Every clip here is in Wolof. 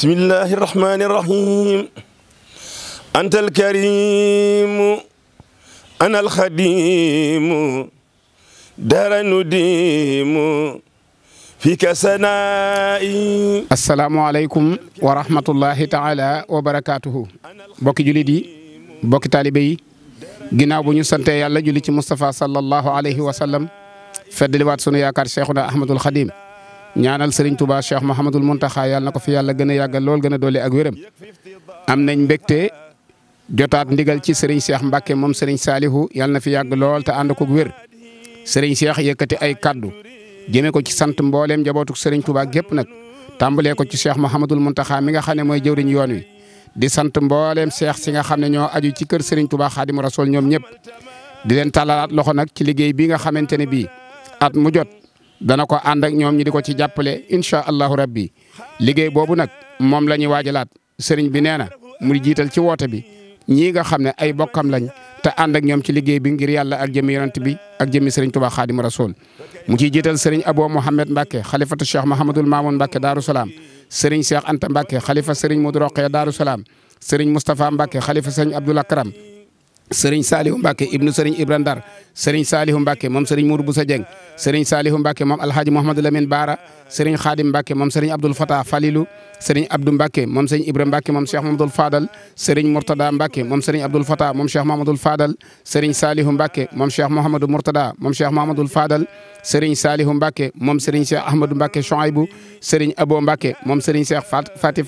بسم الله الرحمن الرحيم أنت الكريم أنا الخديم دار نديم فيك سنائي السلام عليكم ورحمة الله تعالى وبركاته بوكي جلدي بوكي طالبي ginnaaw bu ñu sante yàlla julli ci Moustapha sallallahu alayhi wa sallam feddaliwaat sunu yaakaar Cheikhuna Ahmadul Khadim ñaanal Serigne Touba Cheikh Mouhamadul Mountakha yàlla na ko fi yàlla gën a yàggal lool gën a dolli ak wéram am nañ mbégte jotaat ndigal ci Serigne Cheikh Mbacke moom Serigne Salihu yàlla na fi yàgg lool te ànd ko wér Serigne Cheikh yëkkati ay kaddu jëmee ko ci sant mbooleem njabootu Serigne Touba gépp nag tàmbalee ko ci Cheikh Mouhamadul Mountakha mi nga xam ne mooy jëwriñ yoon wi. di sant mbooleem seex si nga xam ne ñoo aju ci kër Serigne Touba a sol ñoom ñëpp di leen tàllalaat loxo nag ci liggéey bii nga xamante ne bii dana ko ànd ak ñoom ñi di ko ci jàppale incha allahu rabbi liggéey boobu nag moom la ñuy waajalaat sëriñ bi nee na mu jiital ci woote bi ñii nga xam ne ay bokkam lañ te ànd ak ñoom ci liggéey bi ngir yàlla ak jëmi yonent bi ak jëmi sëriñ Tuubaa Xaadimu Rasuul mu ciy jiital sëriñ Abo Mouhamed Mbacke xalifatu Cheikh Mahamadul Mamoun Mbacke Daaru Salaam sëriñ Cheikh Anta Mbacke xalifa sëriñ Modou Roqe Daaru Salaam sëriñ Moustapha Mbacke xalifa sëriñ Abdoul sëriñ Salihu Mbacke ibnu sëriñ Ibra Ndar sëriñ Salihu Mbacke moom sëriñ Mourou Boussa Dieng sëriñ Salihu Mbacke moom Alhaji Mouhamadou Lamine Baara sëriñ Khadim Mbacke moom sëriñ Abdoul Fatah Falilou sëriñ Abdou Mbacke moom sëriñ Ibra Mbacke moom Cheikh Mamadou Fadal sëriñ Mourtada Mbacke moom sëriñ Abdoul Fatah moom Cheikh Mamadou Fadal sëriñ Salihu Mbacke moom Cheikh Mouhamadou Mourtada moom Cheikh Mamadou Fadal sëriñ Salihu Mbacke moom sëriñ Cheikh Ahmadou Mbacke Chouaibou sëriñ Abo Mbacke moom sëriñ Cheikh Fati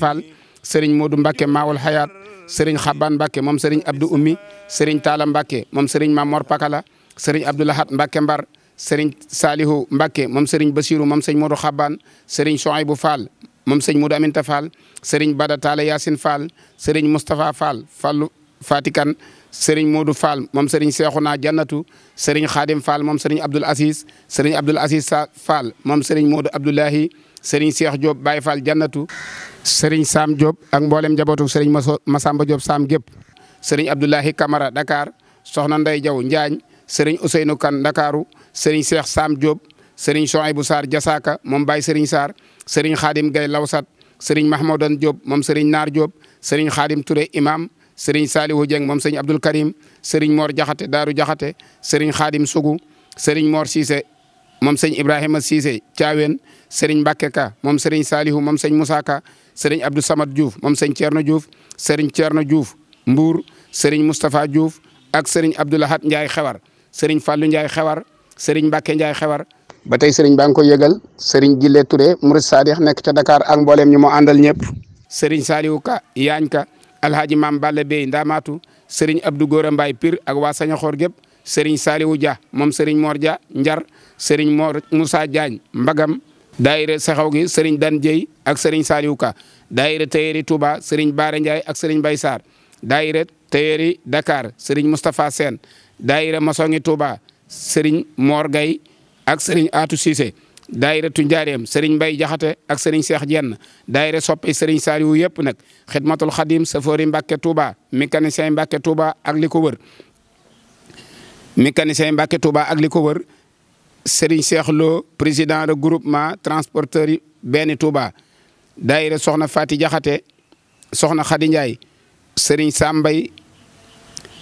sëriñ Modou Mbacke Maawul Hayaat sëriñ Xaban Mbacke moom sëriñ Abdou Ummi sëriñ Talla Mbacke moom sëriñ Mamor Pakala sëriñ Abdoulahat Mbacke Mbar sëriñ Salihu Mbacke moom sëriñ Basiru moom sëñ Modou Xaban sëriñ Soaybu Fall moom sëñ Modou Aminta Fall sëriñ Bada Talla Yacine Fall sëriñ Moustapha Fall Fallu Fatikan sëriñ Modou Fall moom sëriñ Seexuna Jannatu sëriñ Xaadim Fall moom sëriñ Abdoul Aziz sëriñ Abdoul Aziz Fall moom sëriñ Modou Abdoulahi sëriñ shekh Diop Baye Fall Jannatu sëriñ Sam Diop ak mboolem njabootu sëriñ Masamba Diop Sam gépp sëriñ Abdoulahi Camara Dakar soxna Ndey Diaw Njaañ sëriñ Ousseynou Kane Dakaru sëriñ Cheikh Sam Diop sëriñ Souaibou Sarr Jasaaka moom Baye sëriñ Sarr sëriñ Khadim Gaye Lawsat sëriñ Mahmoudan Diop moom sëriñ Naar Diop sëriñ Khadim Touré imam sëriñ Salihu Dieng moom sëriñ Abdoul Karim sëriñ Mor Jaxate Daaru Jaxate sëriñ Khadim Sugu sëriñ Mor Cissé moom sëñ Ibrahima Cissé Thiawén sëriñ Mbacke Ka moom sëriñ Salihu moom sëñ Moussa Ka sëriñ Abdou Samad Diouf moom sëñ Thierno Diouf sëriñ Thierno Diouf Mbour sëriñ Moustapha Diouf ak sëriñ Abdoulahat Ndiaye Xewar sëriñ Fallou Ndiaye Xewar sëriñ Mbacke Ndiaye Xewar. ba tey sëriñ baa ngi ko yëgal sëriñ Jile Touré Mourid Sadikh nekk te Dakar ak mboolem ñu moo àndal ñëpp. sëriñ Salihu Ka Yaañ Ka alhaji Maam Balle Bey Ndamatu sëriñ Abdou mbaay Mbaye Pire ak waa Sañaxoor gépp Serigne Saliou Dia moom Serigne Mor Dia Njar Serigne Mor Moussa Diagne Mbagam daayira saxaw gi Serigne Dan Dieye ak Serigne Saliou Ka daayira Teyeri Touba Serigne Baara Ndiaye ak Serigne Bay sar daayira Teyeri Dakar Serigne Moustapha Sène daayira Masongi Touba Serigne Mor Gaye ak Serigne Atou Cissé daayira Tunjaareem Serigne mbay Jaxate ak Serigne Cheikh Jenn daayira soppi Serigne Saliou yëpp nag xidmatul xadim safoori Mbacke Touba mécanicien Mbacke Touba ak li ko mécanicien Mbacke Touba ak li ko wër Serigne Cheikh Lo président de groupement transporteur yi benn Touba daayira soxna Fati Jaxate soxna Khady Ndiaye Serigne Sambay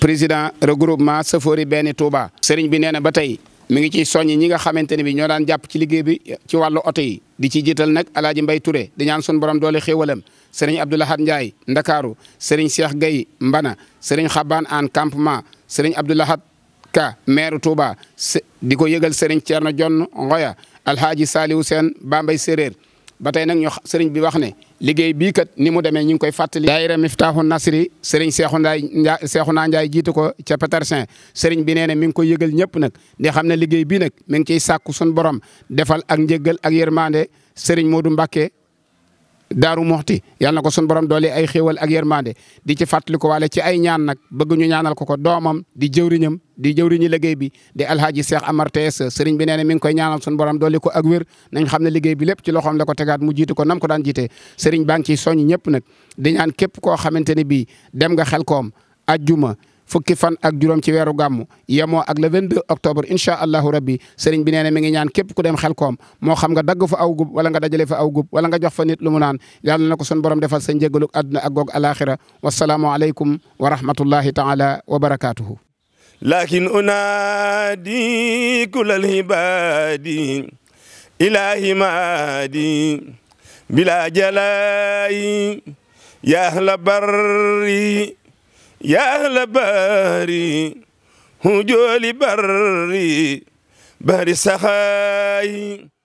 président regroupement safori benn Touba. Serigne bi nee na ba tey mi ngi ciy soññi ñi nga xamante ne bi ñoo daan jàpp ci liggéey bi ci wàllu oto yi di ci jiital nag El mbay Mbaye Touré di ñaan sun borom doole xéwalam Serigne Abdoulahad Ndiaye Ndakaaru Serigne Cheikh Gueye Mbana seriñ xaban an campement Serigne Abdoulahad Ka maire Touba di ko yëgal Serigne Thierno John Ngoya Alhaji Saliou Sène Bambey Séréer ba tey nag ñu Serigne bi wax ne liggéey bii kat ni mu demee ñu ngi koy fàttali. daayira Miftaahu Nasri Serigne Cheikhou Ndiaye Cheikhouna Ndiaye jiitu ko ca Petersen Serigne bi nee na mi ngi koy yëgal ñëpp nag di xam ne liggéey bii nag mi ngi ciy sàkku suñu borom defal ak njëggal ak yërmande Serigne Modou Mbacke. daaru moxti yàlla na ko sun borom doole ay xéewal ak yermande di ci fàttali ko waale ci ay ñaan nag bëgg ñu ñaanal ko ko doomam di jëwriñam di jëwriñu liggéey bi di alhaaji Cheikh Amar Tees sëriñ bi nee mi ngi koy ñaanal sun borom doole ko ak wér nañ xam ne liggéey bi lépp ci loxoom la ko tegaat mu jiitu ko nam ko daan jiitee sëriñ baa ngi ciy soññ ñëpp nag di ñaan képp koo xamante ne bii dem nga xel koom ajjuma fukki fan ak juróom ci weeru gàmmu yemoo ak le 22 octobre incha allahu rabbi sëriñ bi nee na mi ngi ñaan képp ku dem xel koom moo xam nga dagg fa aw gub wala nga dajale fa aw gub wala nga jox fa nit lu mu naan yàlla na ko sun borom defal sa njëgalu àdduna ak goog alaxira wasalaamu aleykum wa rahmatullahi taala wa barakaatuhu lakin unaadi kulal hibaadi ilahi maadi bila jalayi ya ahla barri يا أهل باري هجولي بري باري سخاي